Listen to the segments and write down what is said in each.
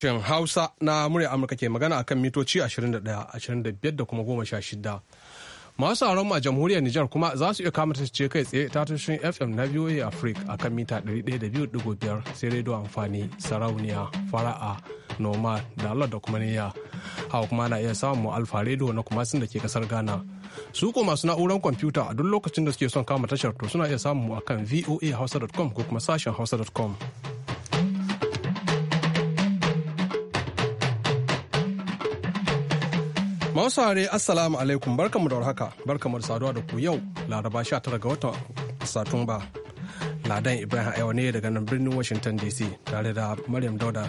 Shin Hausa na murya Amurka ke magana akan mitoci 21, 25 da kuma 16. Masu mu a jamhuriyar Nijar kuma za su iya kama ce kai tsaye ta tushen FM na VOA Africa kan mita 102.5 sai rediyo amfani sarauniya fara'a noma da Allah da kuma niyya. Hawa kuma na iya samun mu alfa rediyo na kuma sun da ke kasar Ghana. Su ko masu na'urar kwamfuta a duk lokacin da suke son kama tashar to suna iya samun mu akan voahausa.com ko kuma sashen hausa.com. Mausare Assalamu alaikum barkamu da warhaka barkamu da saduwa da ku yau Laraba 19 ga watan Satumba. Ladan Ibrahim Aiwa ne daga nan birnin Washington DC tare da Maryam Dauda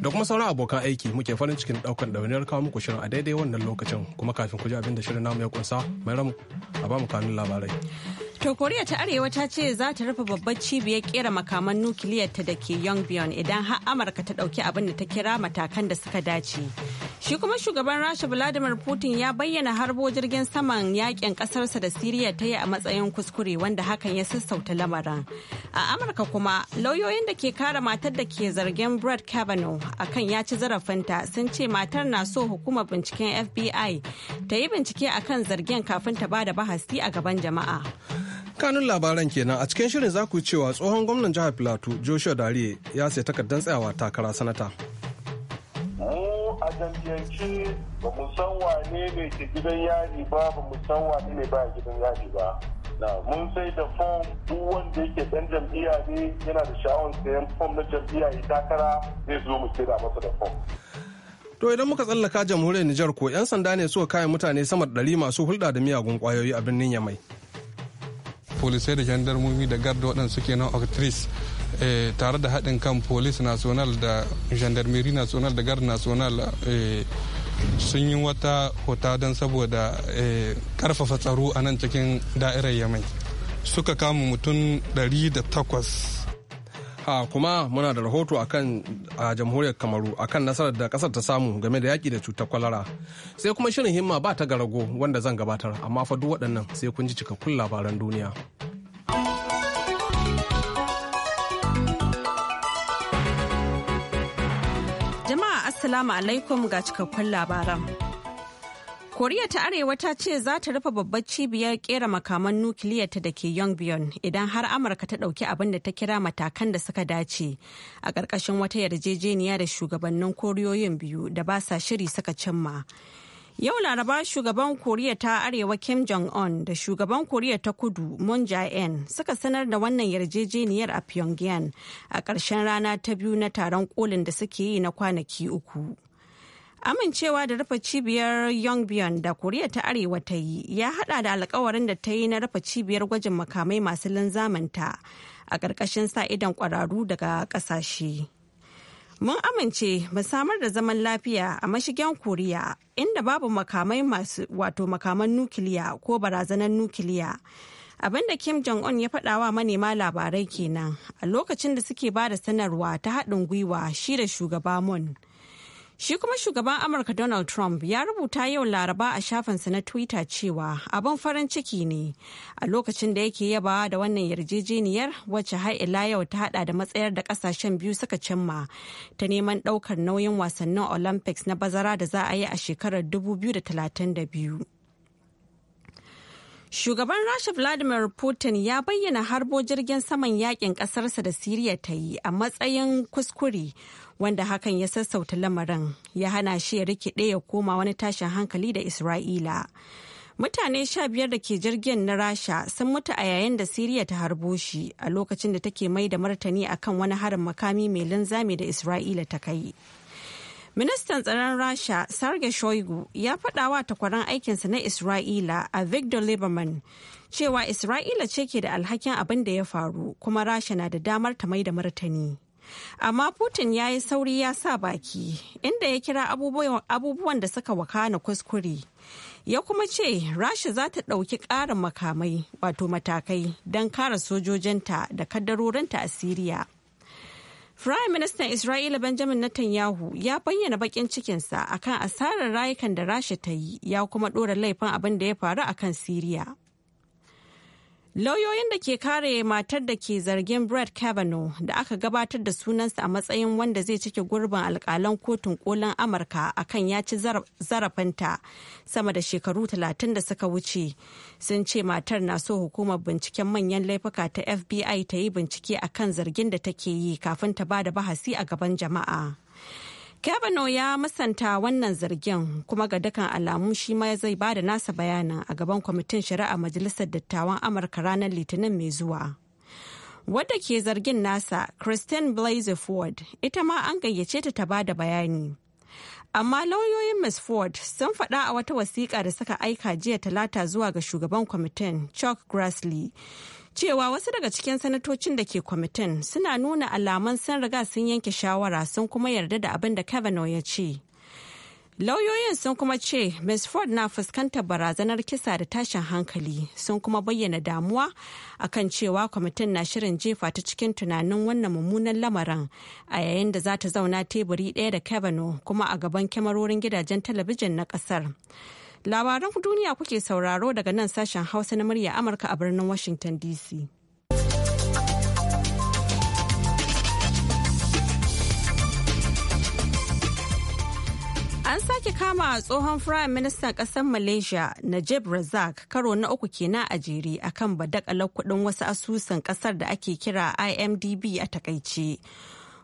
da kuma sauran abokan aiki muke farin cikin daukan ɗauniyar kawo muku shirin a daidai wannan lokacin kuma kafin ku ji abin da shirin namu ya kunsa mai ramu a bamu kanun labarai. To Koriya ta Arewa ta ce za ta rufe babbar cibiyar kera makaman nukiliyar ta da ke Yongbyon idan har Amurka ta ɗauki abin da ta kira matakan da suka dace. Shi kuma shugaban Rasha Vladimir Putin ya bayyana harbo jirgin saman yakin kasarsa da Siriya ta yi a matsayin kuskure wanda hakan ya sassauta lamarin. A Amurka kuma lauyoyin da ke kare matar da ke zargin brad Kavanaugh akan ya ci zarafinta sun ce matar na so hukumar binciken FBI ta yi bincike akan zargin kafin ta bada bahasi a gaban jama'a. kanun labaran kenan a cikin shirin zaku ku cewa tsohon gwamnan jihar Plateau Joshua Dariye ya sai takardar tsayawa takara sanata. a jam'iyyance ba mu san wane ne ke gidan yari ba ba mu san wane ne ba gidan yari ba na mun sai da fom duk wanda yake dan jam'iyya ne yana da sha'awar sayan fom na jam'iyya ya takara zai zo mu kira masa da fom To idan muka tsallaka jamhuriyar Nijar ko 'yan sanda ne suka kaya mutane sama da ɗari masu hulɗa da miyagun ƙwayoyi a birnin Yamai. Polisai da jandarmomi da garda waɗanda suke na Octrice Eh, tare da haɗin kan police national da gendarmerie national da guard national eh, sun yi wata hota don saboda karfafa eh, tsaro a nan cikin da'irar yamai suka kama mutum 108 ha kuma muna da rahoto a kan a jamhuriyar kamaru a kan nasarar da kasar ta samu game da yaƙi da cutar kwalara sai kuma shirin himma ba ta garago wanda zan gabatar amma fa duk waɗannan sai kun ji cikakkun labaran duniya Assalamu alaikum ga cikakkun labaran. Koriya ta Arewa ta ce za ta rufe babbar cibiyar kera makaman nukiliyarta da ke Yongbyon idan har Amurka ta ɗauki abin da ta kira matakan da suka dace a ƙarƙashin wata yarjejeniya da shugabannin koriyoyin biyu da ba sa shiri suka cimma. Yau Laraba shugaban Koriya ta Arewa Kim Jong-un da shugaban Koriya ta Kudu Moon Jae-in suka sanar da wannan yarjejeniyar a Pyongyang a ƙarshen rana ta biyu na taron kolin da suke yi na kwanaki uku. Amincewa da rufe cibiyar Yongbyon da Koriya ta Arewa ta yi ya hada da alkawarin da ta yi na rufe cibiyar gwajin makamai masu linzamanta a ƙarƙashin sa idan ƙwararru daga ƙasashe. Mun amince mu samar da zaman lafiya a mashigan Koriya inda babu makamai masu wato makaman nukiliya ko barazanar nukiliya. Abinda da Kim Jong-un ya faɗawa manema labarai kenan a lokacin da suke ba da sanarwa ta haɗin gwiwa shi da shugaba Moon. Shi kuma shugaban Amurka Donald Trump ya rubuta yau Laraba a shafinsa na Twitter cewa abin farin ciki ne a lokacin da yake yabawa da wannan yarjejeniyar wacce har ila yau ta hada da matsayar da kasashen biyu suka cimma ta neman daukar nauyin wasannin Olympics na bazara da za a yi a shekarar 2032. Shugaban Rasha Vladimir Putin ya bayyana harbo jirgin saman yakin kasarsa da Siriya ta yi a matsayin kuskure wanda hakan ya sassauta lamarin ya hana shi ya rikide ya koma wani tashin hankali da Isra'ila. Mutane sha biyar da ke jirgin na Rasha sun mutu a yayin da Siriya ta harbo shi a lokacin da take mai da martani akan wani harin makami mai linzami da Isra'ila ta kai. Ministan tsaron Rasha Sarge Shoigu ya faɗa wa takwaran aikinsa na Isra'ila a Victor Lieberman cewa Isra'ila ce ke da alhakin abin da ya faru kuma Rasha na da damar ta mai da martani. Amma Putin ya yi sauri ya sa baki inda ya kira abubuwan da suka wakana kuskure. Ya kuma ce Rasha za ta ɗauki ƙarin makamai wato matakai don kare sojojinta da kaddarorinta a Siriya. Firayim Ministan Isra'ila Benjamin Netanyahu ya bayyana bakin cikinsa akan asarar rayukan da Rasha ta yi ya kuma ɗora laifin abin da ya faru akan Siriya. Lauyoyin da ke kare matar da ke zargin Brett Kavanaugh da aka gabatar da sunansa a matsayin wanda zai cike gurbin alkalan kotun kolin Amurka akan ya ci zarafinta sama da shekaru talatin da suka wuce sun ce matar na so hukumar binciken manyan laifuka ta FBI ta yi bincike akan zargin da take yi kafin ta ba da bahasi a gaban jama'a. Kavanaugh ya masanta wannan zargin kuma ga dukkan alamu shi ma zai ba da nasa bayanin a gaban kwamitin shari'a majalisar dattawan Amurka ranar Litinin mai zuwa. Wadda ke zargin nasa, Christine blaise Ford, ita ma an gayyace ta ta bada bayani. Amma lauyoyin Ms. Ford sun faɗa a wata wasiƙa da suka aika jiya talata zuwa ga shugaban kwamitin Chuck Grassley cewa wasu daga cikin sanatocin da ke kwamitin suna nuna alaman sun riga sun yanke shawara sun kuma yarda da abin da kavanaugh ya ce lauyoyin sun kuma ce ms ford na fuskantar barazanar kisa da tashin hankali sun kuma bayyana damuwa akan cewa kwamitin na shirin jefa ta cikin tunanin wannan mummunan lamarin a yayin da za ta zauna teburi ɗaya da kavanaugh kuma a gaban kyamarorin gidajen talabijin na ƙasar. Labaran duniya kuke sauraro daga nan sashen Hausa na murya Amurka a birnin Washington DC. An sake kama tsohon Firayim Ministan ƙasar Malaysia Najib Razak karo na uku kenan a jere akan badakalar kuɗin wasu asusun ƙasar da ake kira IMDB a takaice.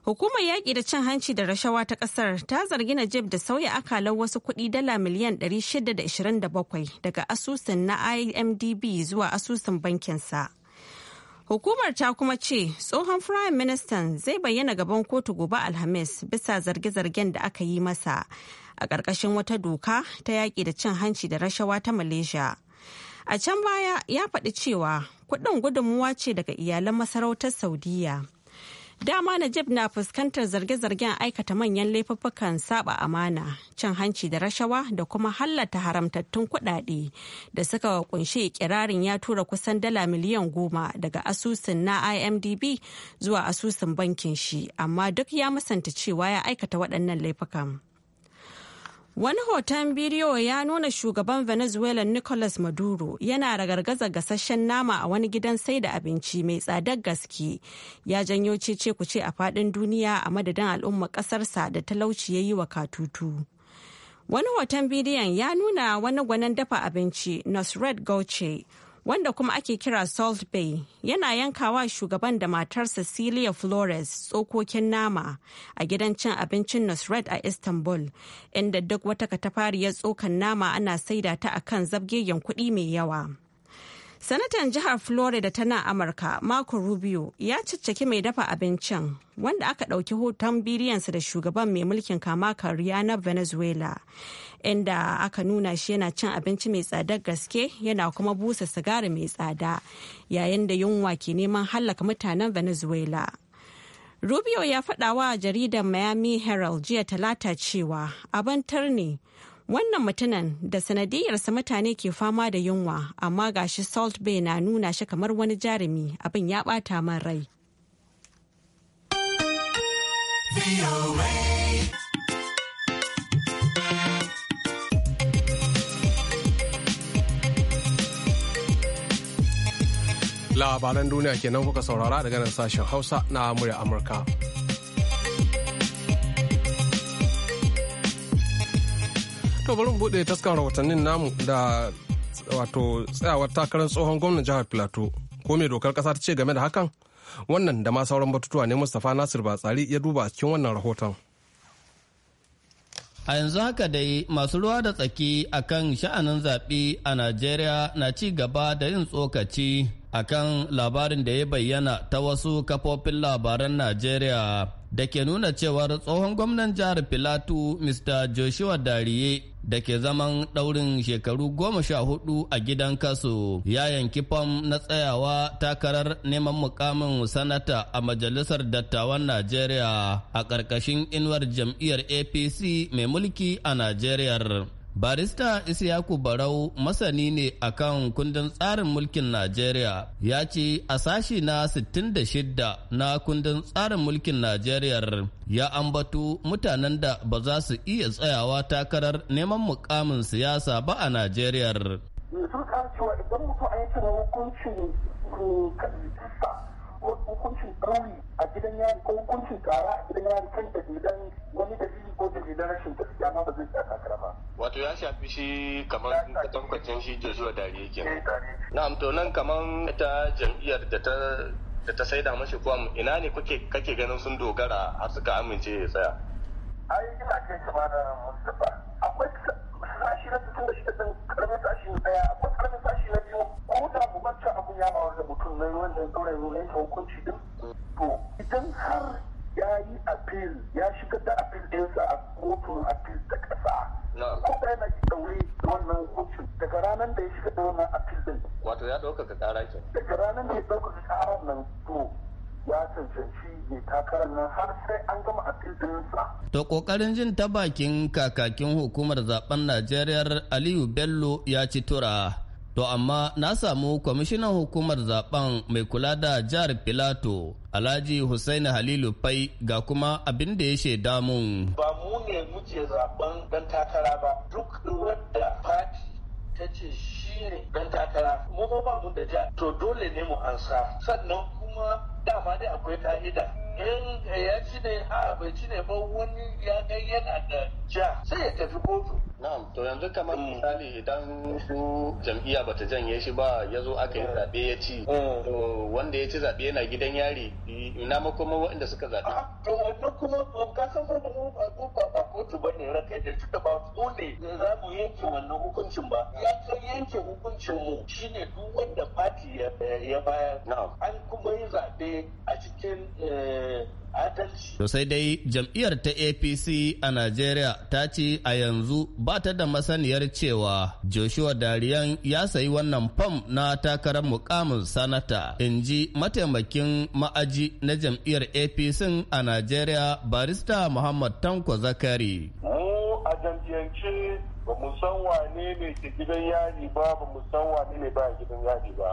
Hukumar yaƙi da cin hanci da rashawa ta ƙasar ta zargi Najib da sauya akalar wasu kuɗi dala miliyan 627 daga asusun na IMDB zuwa asusun bankinsa. Hukumar ta kuma ce tsohon Firayim Ministan zai bayyana gaban kotu gobe Alhamis bisa zarge-zargen da aka yi masa a ƙarƙashin wata doka ta yaƙi da cin hanci da rashawa ta Malaysia. A can baya ya faɗi cewa kuɗin gudunmuwa ce daga iyalan masarautar Saudiyya. Dama Najib na fuskantar zarge-zargen aikata manyan laifuffukan saba amana, cin hanci da rashawa da kuma hallata haramtattun kuɗaɗe da suka kunshi kirarin ya tura kusan dala miliyan goma daga asusun na IMDb zuwa asusun bankin shi, amma duk ya musanta cewa ya aikata waɗannan laifukan. Wani hoton bidiyo ya nuna shugaban Venezuela Nicolas Maduro yana ragargaza gasasshen nama a wani gidan sai da abinci mai tsadar gaske. Ya janyo cece kuce a fadin duniya a madadin al'umma kasarsa da talauci ya yi wa katutu. Wani hoton bidiyon ya nuna wani gwanin dafa abinci Nusret Gauche wanda kuma ake kira salt bay yana yankawa shugaban da matar cecilia flores tsokokin nama a gidan cin abincin Nasred a istanbul inda duk wata katafariyar tsokan nama ana saida ta akan zabgegen kuɗi mai yawa Sanatan jihar Florida tana Amurka Marco Rubio ya cicciki mai dafa abincin wanda aka ɗauki hoton bidiyansa da shugaban mai mulkin kama kariya na Venezuela inda aka nuna shi yana cin abinci mai tsadar gaske yana kuma busa sigari mai tsada yayin da yunwa ke neman hallaka mutanen Venezuela. Rubio ya faɗa wa jaridar Miami Herald jiya talata cewa abantar ne Wannan mutunan da sanadiyarsa mutane ke fama da yunwa, amma gashi Salt Bay na nuna shi kamar wani jarumi abin ya ɓata man rai. Labaran duniya kenan kuka saurara daga nan sashen Hausa na murya Amurka. to bari bude taskar rahotannin namu da wato tsayawar takarar tsohon gwamnan jihar filato ko mai dokar kasa ta ce game da hakan wannan da ma sauran batutuwa ne mustapha nasir batsari ya duba cikin wannan rahoton a yanzu haka dai masu ruwa da tsaki akan sha'anin zaɓe a najeriya na ci gaba da yin tsokaci a kan labarin da ya bayyana ta wasu kafofin labaran najeriya da ke nuna cewar tsohon gwamnan jihar Filatu Mr. Joshua Dariye da ke zaman ɗaurin shekaru goma sha hudu a gidan kaso ya yanki fam na tsayawa takarar neman mukamin sanata a majalisar dattawan Najeriya a ƙarƙashin inuwar jam'iyyar APC mai mulki a Najeriya. Barista Isiyaku Barau masani ne akan kundin tsarin mulkin Najeriya ya ce a sashi na 66 na kundin tsarin mulkin Najeriya ya ambato mutanen da ba za su iya tsayawa takarar neman mukamin siyasa ba a Najeriya. Yanzu cewa idan mutu yi hukuncin mm, ko hukuncin ɗauri a gidan yari ko hukuncin kara a gidan yari kan dalilan wani dalili ko dalilan rashin gaskiya ma ba zai tsaka kara ba. Wato ya shafi shi kamar katankwacin shi Joshua Dare ke. Eh, Na'am to nan kamar ta jam'iyyar da ta da ta saida mashi kwam ina ne kuke kake ganin sun dogara har suka amince ya tsaya. Ai ina kai kamar Mustapha akwai sun ɗora rulai ta hukunci din to idan har ya yi apil ya shiga da apil ɗinsa a kotun apil ta ƙasa ko ɗaya na ki ɗaure wannan hukuncin daga ranar da ya shiga da wannan apil ɗin wato ya ɗaukaka ƙara ke daga ranar da ya ɗaukaka ƙarar nan to ya cancanci ya takarar nan har sai an gama apil ɗinsa to kokarin jin ta bakin kakakin hukumar zaben Najeriya Aliyu Bello ya ci tura To amma na samu kwamishinan hukumar zaben mai kula da jihar Filato Alhaji Hussaini Halilu Fai ga kuma abin da ya shaida mun. Ba mu ne muke zaben dan takara ba duk wadda fati ta ce shi ne dan takara mu ba mu da ja to dole ne mu ansa sannan kuma dama dai akwai ka'ida in ya ci ne a bai ci ne ba wani ya kai yana da ja sai ya tafi kotu Na'am, to yanzu kamar mm. misali idan su jam'iyya bata janye shi ba ya zo aka yi mm. zaɓe ya ci. Mm. wanda ya ci zaɓe yana gidan yari ina kuma waɗanda suka zaɓe. Ah, to wannan kuma kasan ba mu ba mu ba ba kotu ba ne raka da tuka ba su ne za mu yanke wannan hukuncin ba. Ya kai yanke hukuncin mu shine duk wanda fati ya bayar. An kuma yi zaɓe a cikin eh, adalci. To sai dai jam'iyyar ta APC a Najeriya ta ce a yanzu ba ba ta da masaniyar cewa Joshua Dariyan ya sayi wannan fam na takarar mukamin sanata, in ji mataimakin ma'aji na jam'iyyar APC a Najeriya barista Muhammad Tanko Zakari. Mu a jam'iyyance ba mu san wane ne ke gidan yari ba, ba mu san wane ne ba gidan yari ba.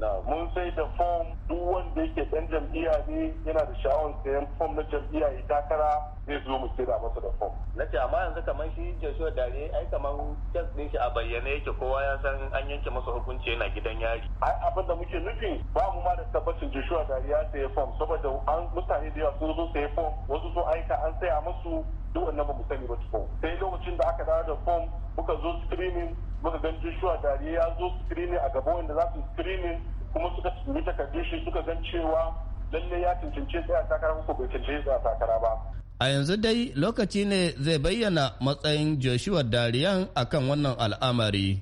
mun sai da fom duk wanda yake dan jam'iyya ne yana da sha'awar sayan fom na jam'iyya ya takara zai zo mu kira masa da fom. na ce amma yanzu kamar shi joshua dare ai kamar kes din shi a bayyane yake kowa ya san an yanke masa hukunci yana gidan yari. ai abin da muke nufi ba mu ma da tabbacin joshua dare ya sayi fom saboda an mutane da yawa sun zo sayi fom wasu sun aika an saya musu duk wannan ba mu sani ba tukun sai lokacin da aka dawo da fom muka zo screening muka gan Joshua dariya ya zo screening a gaba wanda za su screening kuma suka yi takardun shi suka gan cewa lalle ya cancance tsaya takara ko bai cancance tsaya takara ba. A yanzu dai lokaci ne zai bayyana matsayin Joshua Dariyan akan wannan al'amari.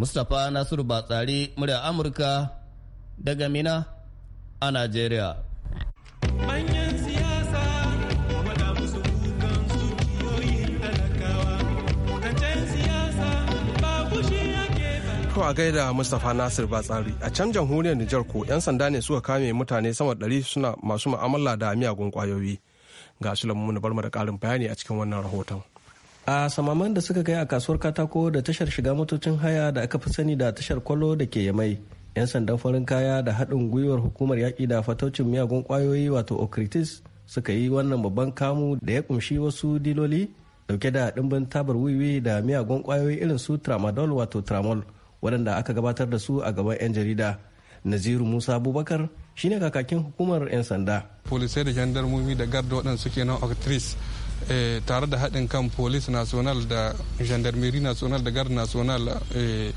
Mustapha Nasiru Batsari, murya Amurka daga Mina a Najeriya. To a gaida Mustapha Nasir Batsari a can jamhuriyar Nijar ko 'yan sanda ne suka kame mutane sama ɗari suna masu ma'amala da miyagun kwayoyi. Ga su lamu bar mu da ƙarin bayani a cikin wannan rahoton. A samaman da suka kai a kasuwar katako da tashar shiga motocin haya da aka fi sani da tashar kwallo da ke yamai. 'Yan sandan farin kaya da haɗin gwiwar hukumar yaƙi da fataucin miyagun kwayoyi wato okritis suka yi wannan babban kamu da ya kumshi wasu diloli dauke da ɗimbin tabar wiwi da miyagun kwayoyi irin su tramadol wato tramol. waɗanda aka gabatar da su a gaban 'yan jarida naziru musa abubakar shine kakakin hukumar 'yan sanda polisai da gendarmomi da garda waɗanda suke nan octris eh, tare da haɗin kan polis national da gendarmerie national da garda national eh,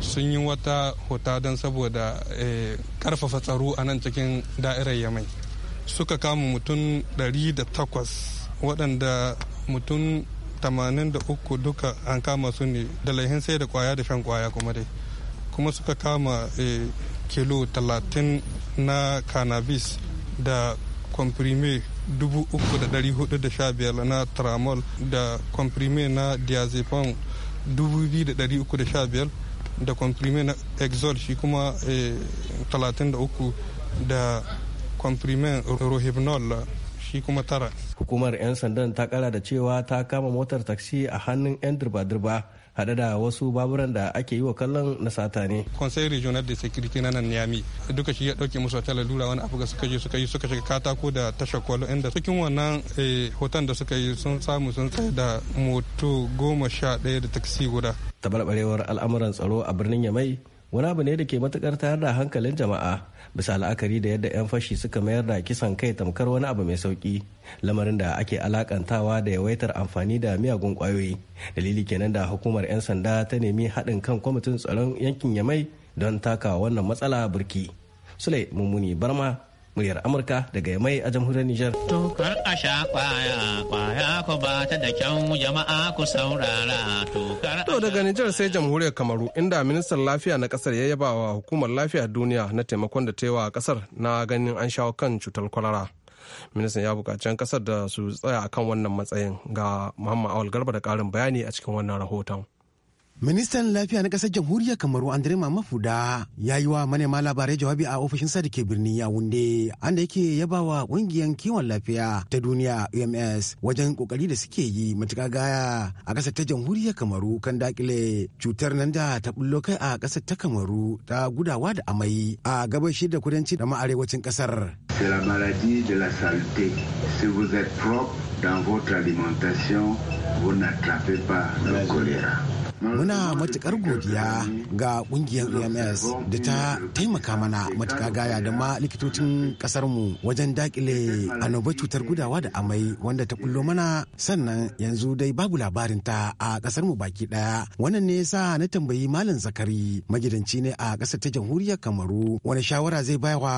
sun yi wata hota don saboda karfafa eh, tsaro a nan cikin da'irar yamai suka kama mutum 108 waɗanda mutum 83 duka an kama su ne da laihin sai da kwaya da shan kwaya kuma dai kuma suka kama eh, kilo 30 na cannabis da comprime 3,415 na tramol da comprime na diazepam 2,315 da comprime na exol shi kuma 33 eh, da comprime rohypnol shi kuma tara hukumar 'yan sandan ta kara da cewa ta kama motar taksi a hannun 'yan dirba-dirba hade da wasu baburan da ake yi wa kallon na sata ne. Conseil Regional de Security na nan Niamey duka shi ya dauke musu wata lalura wani abu suka je suka yi suka shiga katako da tashar kwallo inda cikin wannan eh, hoton da suka yi sun samu sun tsaye da moto goma sha ɗaya da taksi guda. Tabarbarewar al'amuran tsaro a birnin Yamai wani abu ne da ke matukar tayar da hankalin jama'a bisa la'akari da yadda 'yan fashi suka mayar da kisan kai tamkar wani abu mai sauki lamarin da ake alakantawa da yawaitar amfani da miyagun kwayoyi dalili kenan da hukumar 'yan sanda ta nemi haɗin kan kwamitin tsaron yankin yamai don taka wannan matsala burki sule mummuni barma muryar amurka daga yamai a jamhuriyar nijar tokar a sha kwaya kwaya ku ba ta da kyan jama'a ku saurara tokar to daga nijar sai jamhuriyar kamaru inda ministan lafiya na kasar ya yaba wa hukumar lafiya duniya na taimakon da ta yi wa kasar na ganin an shawo kan cutar kwalara ministan ya buƙaci kasar da su tsaya akan wannan matsayin ga muhammad awal garba da ƙarin bayani a cikin wannan rahoton Ministan Lafiya na ƙasar Jamhuriyar Kamaru Andre Mamafuda ya yi wa manema labarai jawabi a ofishinsa da ke birnin Yaounde, anda yake yaba wa ƙungiyar kiwon lafiya ta duniya UMS wajen ƙoƙari da suke yi matuƙa gaya a ƙasar ta Jamhuriyar Kamaru kan dakile cutar nan da ta bullo kai a ƙasar ta Kamaru ta gudawa da amai a gabashi da kudanci da ma arewacin ƙasar. C'est la maladie de la saleté. Si vous êtes propre dans votre alimentation, vous n'attrapez pas le choléra. muna matukar godiya ga kungiyar ems da ta taimaka mana matuka gaya da ma likitocin kasarmu wajen dakile annoba cutar gudawa da amai wanda ta kullo mana sannan yanzu dai babu labarin ta a kasarmu baki daya wannan ne yasa na tambayi malam zakari magidanci ne a kasar ta jamhuriyar kamaru wani shawara zai baiwa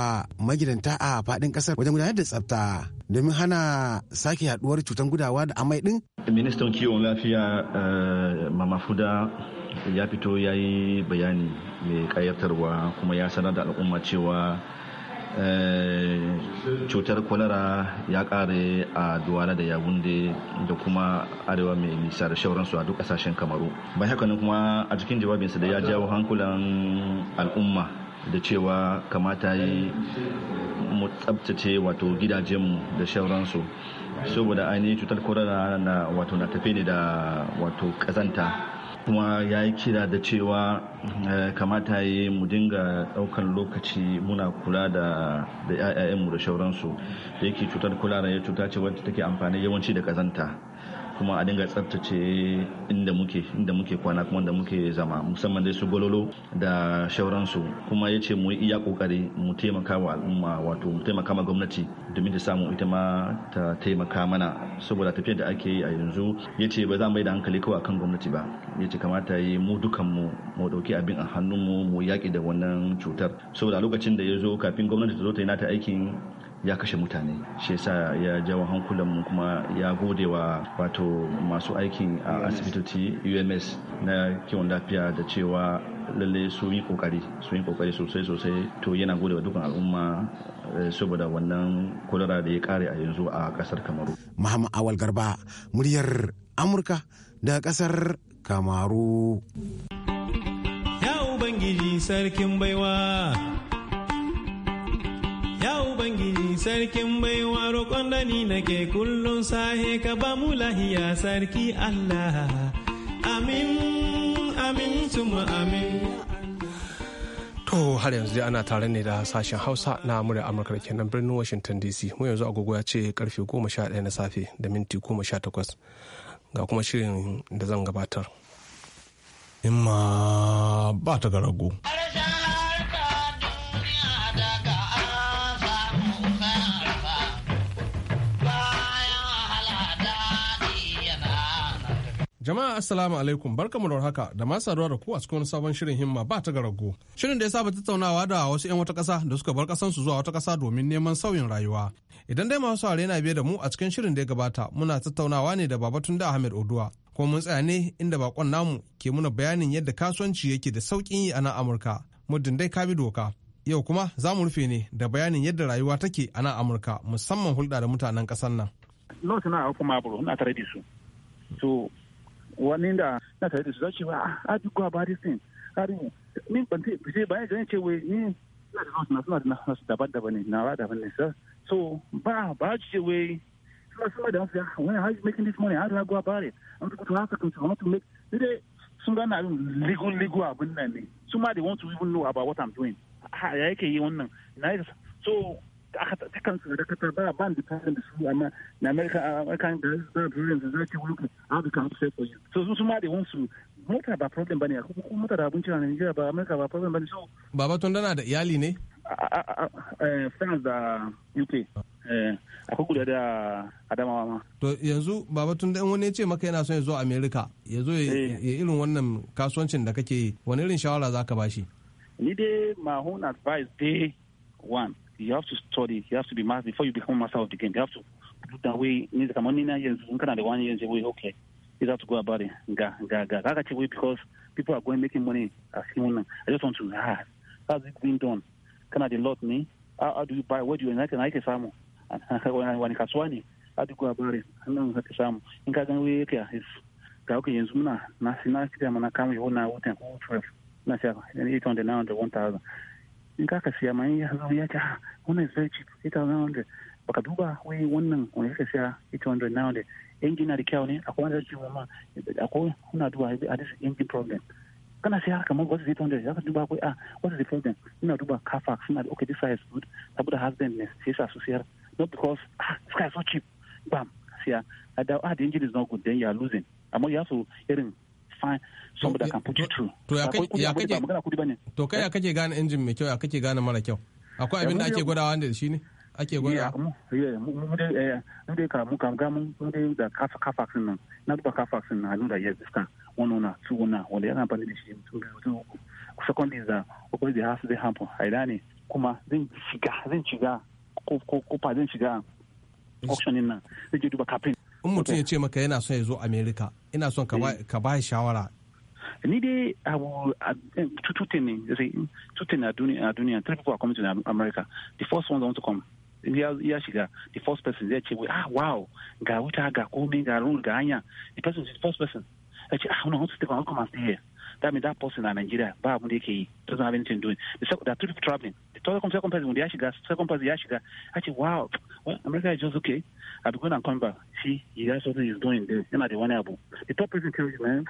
magidanta a faɗin kasar wajen gudanar da tsafta domin hana sake yaduwar cutar gudawa da amai din? Ministan kiwon lafiya eh, Mamafuda ya fito ya yi bayani mai kayatarwa kuma ya sanar da al'umma cewa eh, cutar kwalara ya kare a duwala da yawunde da kuma arewa mai nisa da shauransu a duk kasashen kamaru bayan haka kuma a cikin jawabinsa da ya jawo hankulan al'umma da cewa kamata yi mu tsabtace wato gidajenmu da shauransu saboda ainihin cutar korona na wato na tafi ne da wato kazanta kuma ya yi kira da cewa eh, kamata yi mu dinga daukan lokaci muna kula da da 'ya'yanmu da shauransu da yake cutar korona ya cuta ce wacce take amfani yawanci da kazanta kuma a dinga tsaftace inda muke inda muke kwana kuma da muke zama musamman dai su gololo da shauransu kuma ya ce mu yi iya kokari mu taimaka wa al'umma wato mu taimaka ma gwamnati domin ta samu ita ma ta taimaka mana saboda tafiyar da ake yi a yanzu ya ce ba za mu yi da hankali kawai kan gwamnati ba ya ce kamata yi mu dukan mu mu dauki abin a hannun mu mu yaki da wannan cutar saboda lokacin da ya zo kafin gwamnati ta zo ta yi nata aikin ya kashe mutane shi yasa ya jawo hankulan mu kuma ya gode wa wato masu aikin a asibitoci ums na kiwon lafiya da cewa lalle su yi kokari su yi kokari sosai sosai to yana gode wa dukkan al'umma eh, saboda wannan kudura da ya kare a yanzu a kasar kamaru muhammad awal garba muryar amurka da kasar kamaru ya ubangiji sarkin baiwa Ubangiji sarkin baiwa roƙon da nake kullum sahe ka ba mu lahiya sarki Allah. Amin, amin, tuma amin. To har yanzu dai ana tare ne da sashen Hausa na murya Amurka da kenan birnin Washington DC. Mu yanzu agogo ya ce karfe 11 na safe da minti 18. Ga kuma shirin da zan gabatar. Imma ba ta garago. rago. Jama'a assalamu alaikum barkamu da haka da masu saduwa da ku a cikin sabon shirin himma ba ta garago. Shirin da ya saba tattaunawa da wasu 'yan wata ƙasa da suka bar ƙasansu zuwa wata ƙasa domin neman sauyin rayuwa. Idan dai masu saurare na biye da mu a cikin shirin da ya gabata muna tattaunawa ne da da Ahmed Oduwa. ko mun tsaya ne inda bakon namu ke muna bayanin yadda kasuwanci yake da sauƙin yi a nan Amurka. Muddin dai ka bi doka. Yau kuma za mu rufe ne da bayanin yadda rayuwa take a nan Amurka musamman hulɗa da mutanen ƙasar nan. Lokacin na kuma buru ina tare da su. wani da na tare da su zaci ah, ah, ba a ji go ba this thing harin min ban ce bayan ganin ce wai ni suna da nasu suna da nasu daban daban ne na nawa daban ne so ba ba ji ce wai suna suna da nasu ah, when how you making this money how do I go about it I'm going to have to come to want to make dai sun gane abin legal legal abin nan ne su ma they want to even know about what I'm doing ya yake yi wannan na so aka ta kansu da ba ban da tarin da su amma na amerika da za za so su ma da wansu mota ba problem kuma mota da abinci a nigeria ba ba problem so baba tun dana da iyali ne france da uk da adamawa ma to yanzu baba tun dan wani ce maka yana son ya zo america ya zo eh. ya irin wannan kasuwancin da kake yi wani irin shawara za ka bashi ni dai my own advice day one you have to study, you have to be master before you become master of the game. You have to put that way. Ni kama nina years, kana the one year. away. Okay, you have to go about it. Ga ga ga. That actually because people are going making money as I just want to ask. how's it been done? Can I lot me? How, how do you buy? Where do you like and I a samu? And when One. how do you go about it? I know like a samu. In case we kia is. Ga okay yanzu muna na sinasi kama na kama yona wote kwa 12 na sasa 800 na 1000 in ka ka siya ma ya zo ya ce ah, wannan zai ci ba baka duba wai wannan wani ka siya 800 na wanda engine na da kyau ne akwai wanda zai ma akwai kuna duba a this engine problem kana siya kamar wasu zai tunda duba ko a wasu zai problem ina duba kafa suna da okay this size good saboda husband ne sai sa su siyar not because ah this so cheap bam siya a da ah the engine is not good then you are losing amma ya so irin saboda kan To ya kake magana To kai ya kake gane injin mai kyau ya kake gane mara kyau. Akwai abin da eh, ake gwadawa da shi ne? Ake gwada. Mu mu dai ka mu ka ga dai da kafa kafa Na duba kafa nan yes na wanda yana amfani da shi mutum da mutum akwai uh, da ne kuma zan shiga zan shiga shiga auction nan zan duba kafin in mutum ya ce maka yana son ya zo america ina son ka ba eh. shawara ni dai abu tutun tutun ne duniya a duniya three people are coming to america the first ones want to come ya shiga the first person zai ce ah wow ga wuta ga komai ga run ga hanya the person is the first person ya ce ah no hotel to stay i come and stay here that means that person in Nigeria ba abin da yake yi doesn't have anything doing the second that two people traveling the second second person when ya shiga second person ya shiga I say wow well America is just okay I'll be going and come back see you guys something is doing this you know the one abu the top person tells you man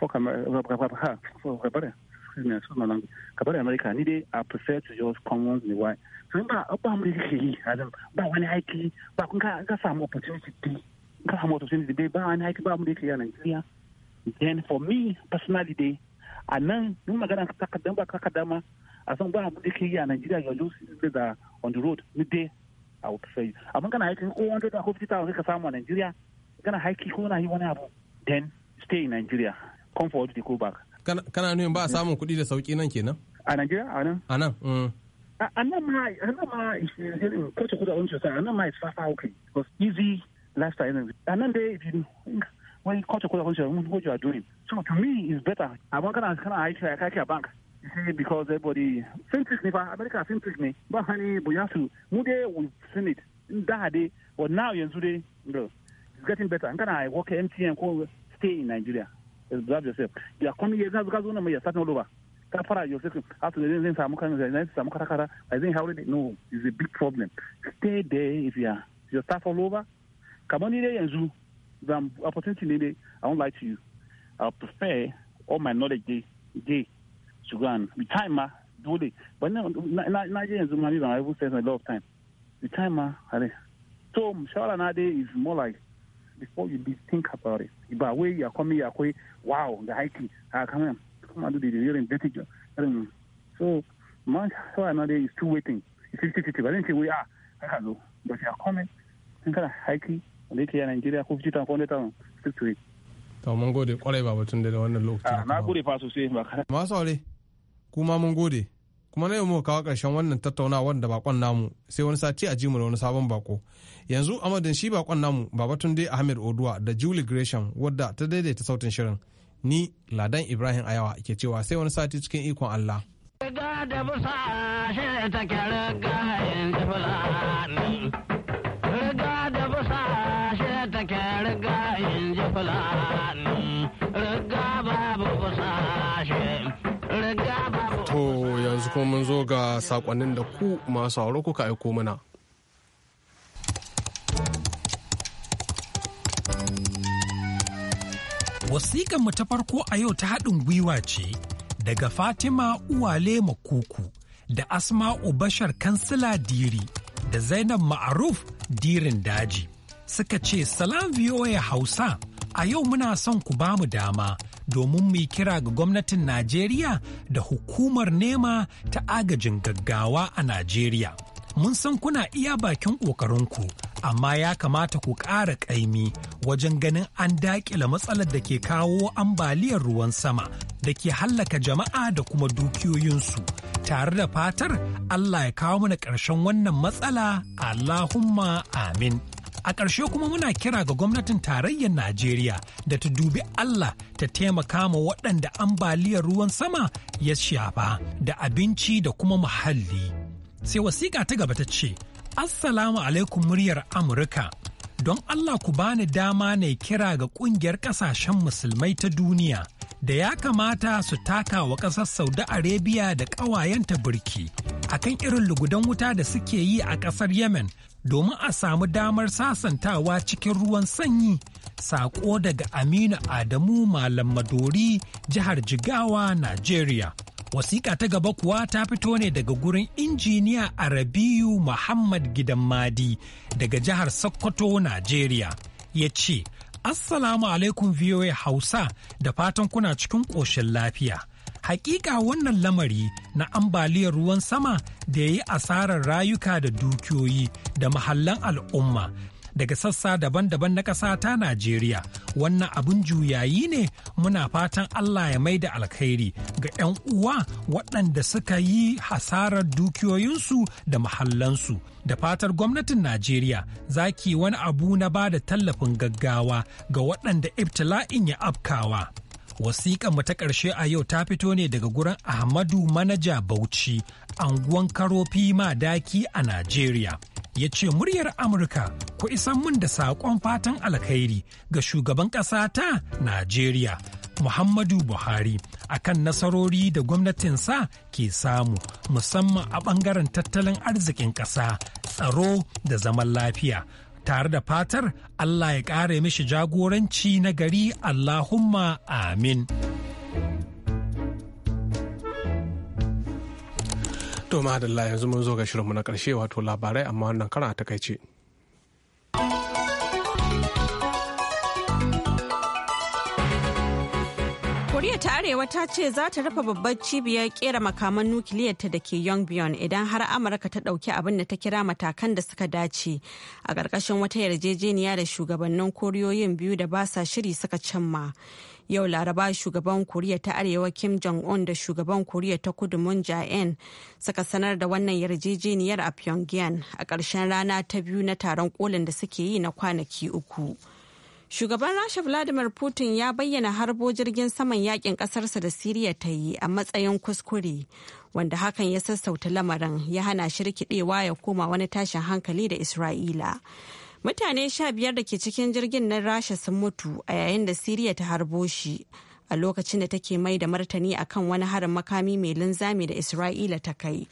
fuck America fuck America excuse me excuse my language kabari America I prefer to just come once in a while so ba ba mu da yake yi ba wani aiki ba kun ka samu opportunity ka samu opportunity ba wani aiki ba mu da yake yi a Nigeria then for me personally a nan in magana takardar ba ka dama a san ba abu da ke yi a Najeriya yanzu da da on the road ni dai a wata sai amma kana haiki ko wanda da hofi ta ka samu a Najeriya kana haiki ko na yi wani abu then stay in Najeriya come forward to go back kana nuna ba samun kuɗi da sauki nan kenan a Najeriya a nan a nan mm. a nan ma a nan ma kace kuɗa wancan a nan ma is far far okay because easy lifestyle a nan dai you When kwata kwata kwata what you are doing. So to me, it's better. I want to kind of I try a bank. see, Because everybody, fintech ne fa, America same But honey, ba hani buyasu, mu dai we've seen it, That day. but now yanzu dai, no, it's getting better. In kana I work MTN go stay in Nigeria, observe yourself. You are coming here, ka zo nan mai starting all over. Ka fara yourself, after the zan samu kan zan samu kara kara, I think how no, it's a big problem. Stay there if you are, you start all over. Kamar ni dai yanzu, the opportunity needed, I do not lie to you. i prefer all my knowledge day, day to go and with timer, do it. But now, Nigerians, I will say a lot of time. The timer, so, Shawara Nade is more like before you think about it. But where you are coming, you are going, wow, the hiking, ah, come on, come on, do the real dirty job. So, man, Shawara Nade is still waiting. It's 50 50, but then we are, ah, I don't know. But you are coming, think of hiking. da yake a Nigeria ko ta 60 to mun gode kwarai ba batun da wannan lokaci ah, na gode fa sosai ba Ma saure. kuma mun gode kuma na yau muka kawo ƙarshen wannan tattaunawa da bakon namu sai wani sati a jimu da wani sabon bako yanzu amadin shi bakon namu babatun dai ahmed oduwa da julie gresham wadda ta daidaita sautin shirin ni ladan ibrahim ayawa ke cewa sai wani sati cikin ikon allah Riga da busa shi take riga yin fulani. yanzu kuma mun zo ga sakonnin da ku masu auro kuka aiko mana. mu ta farko a yau ta haɗin gwiwa ce daga Fatima Uwale Makuku da Asma'u Bashar Kansila Diri da Zainab Ma'aruf Dirin Daji. Suka ce, Salam VOA Hausa, a yau muna son ku bamu dama domin mu yi kira ga gwamnatin Najeriya da hukumar nema ta agajin gaggawa a Najeriya. Mun san kuna iya bakin ƙoƙarinku, amma ya kamata ku ƙara ƙaimi wajen ganin an daƙila matsalar da ke kawo ambaliyar ruwan sama da ke hallaka jama'a da kuma dukiyoyinsu. Tare da fatar Allah ya kawo mana ƙarshen wannan matsala, Allahumma amin. A ƙarshe kuma muna kira ga gwamnatin tarayyar Najeriya da ta dubi Allah ta taimaka ma waɗanda ambaliyar ruwan sama ya shafa da abinci da kuma muhalli. Sai wasiƙa ta gaba ta ce, Assalamu alaikum muryar Amurka. Don Allah ku bani dama ne kira ga ƙungiyar ƙasashen musulmai ta duniya. da ya kamata su taka wa ƙasar Saudi Arabia da ƙawayenta birki akan irin lugudan wuta da suke yi a ƙasar Yemen domin a samu damar sasantawa cikin ruwan sanyi. saƙo daga Aminu Adamu Malam Madori, jihar Jigawa, Najeriya. Wasiƙa ta gaba kuwa ta fito ne daga gurin injiniya Arabiyu Muhammad Gidan Madi daga jihar Sokoto, Najeriya. Ya ce, Assalamu alaikum VOA Hausa da fatan kuna cikin ƙoshin lafiya. Hakika wannan lamari na ambaliyar ruwan sama da ya yi asarar rayuka da dukiyoyi da mahallan al'umma daga sassa daban-daban na ƙasa ta Najeriya. Wannan abin juyayi ne muna fatan Allah ya mai da alkhairi ga 'yan uwa waɗanda suka yi hasarar dukiyoyinsu da mahallansu. Da fatar gwamnatin Najeriya za ki wani abu na ba da tallafin gaggawa ga waɗanda ibtila'in ya afkawa. mu ta ƙarshe a yau ta fito ne daga gurin Ahmadu Manaja Bauchi, anguwan Karofi daki a Najeriya. Ya ce muryar Amurka ku isan mun da saƙon fatan alkhairi ga shugaban ƙasa ta Najeriya, Muhammadu Buhari, a kan nasarori da gwamnatinsa ke samu musamman a ɓangaren tattalin arzikin ƙasa, tsaro da zaman lafiya. tare da fatar Allah ya ƙare mishi jagoranci na gari Allahumma amin. To madalla yanzu mun zo ga shirinmu na ƙarshe wato labarai amma wannan karan a takaice. Koriya ta Arewa ta ce za ta rufe babbar cibiyar kera makaman ta da ke Yongbyon idan har Amurka ta ɗauki abin da ta kira matakan da suka dace a ƙarƙashin wata yarjejeniya da shugabannin koriyoyin biyu da ba sa shiri suka cimma. Yau Laraba shugaban Koriya ta Arewa Kim Jong-un da shugaban Koriya ta Kudu Moon Jae-in suka sanar da wannan yarjejeniyar a Pyongyang a ƙarshen rana ta biyu na taron kolin da suke yi na kwanaki uku. Shugaban Rasha Vladimir Putin ya bayyana harbo jirgin saman yakin kasarsa da Siriya ta yi a matsayin kuskure, wanda hakan ya sassauta lamarin ya hana shi dewa ya koma wani tashin hankali da Isra'ila. Mutane sha biyar da ke cikin jirgin na Rasha sun mutu a yayin da Siriya ta harbo shi a lokacin da take mai da martani akan wani harin makami mai linzami da Isra'ila ta kai.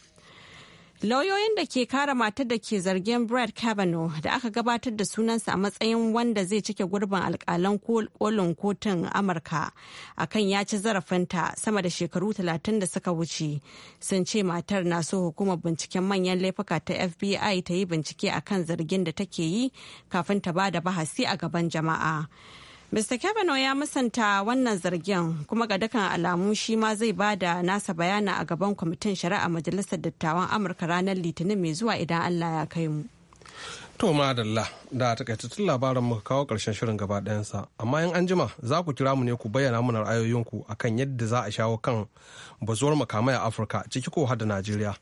lauyoyin da ke kare matar da ke zargin brad kavanaugh da aka gabatar da sunansa a matsayin wanda zai cike gurbin alkalan kolin kotun amurka akan ya ci zarafinta sama da shekaru 30 da suka wuce sun ce matar na so hukumar binciken manyan laifuka ta fbi ta yi bincike akan zargin da take yi kafin ta ba da bahasi a gaban jama'a Mr. Kavanaugh ya musanta wannan zargin kuma ga dukkan alamu shi ma zai ba da nasa bayana a gaban kwamitin shari'a majalisar dattawan Amurka ranar Litinin mai zuwa idan Allah ya kai mu. To madalla da takaitattun labaran muka kawo karshen shirin gaba ɗayansa amma in anjima za ku kira mu ne ku bayyana mana ra'ayoyinku akan yadda za a shawo kan bazuwar makamai a Afirka ciki ko har da Najeriya.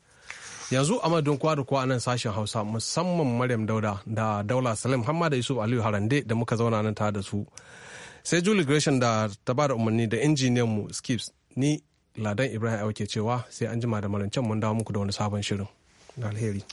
Yanzu a madadin kowa da kowa nan sashen Hausa musamman Maryam Dauda da Daula Salim Hamma da Yusuf Aliyu Harande da muka zauna nan tare da su sai julie gresham da ta ba da umarni da injiniyan mu skips ni ladan ibrahim auke cewa sai an jima da marancen mun dawo muku da wani sabon shirin alheri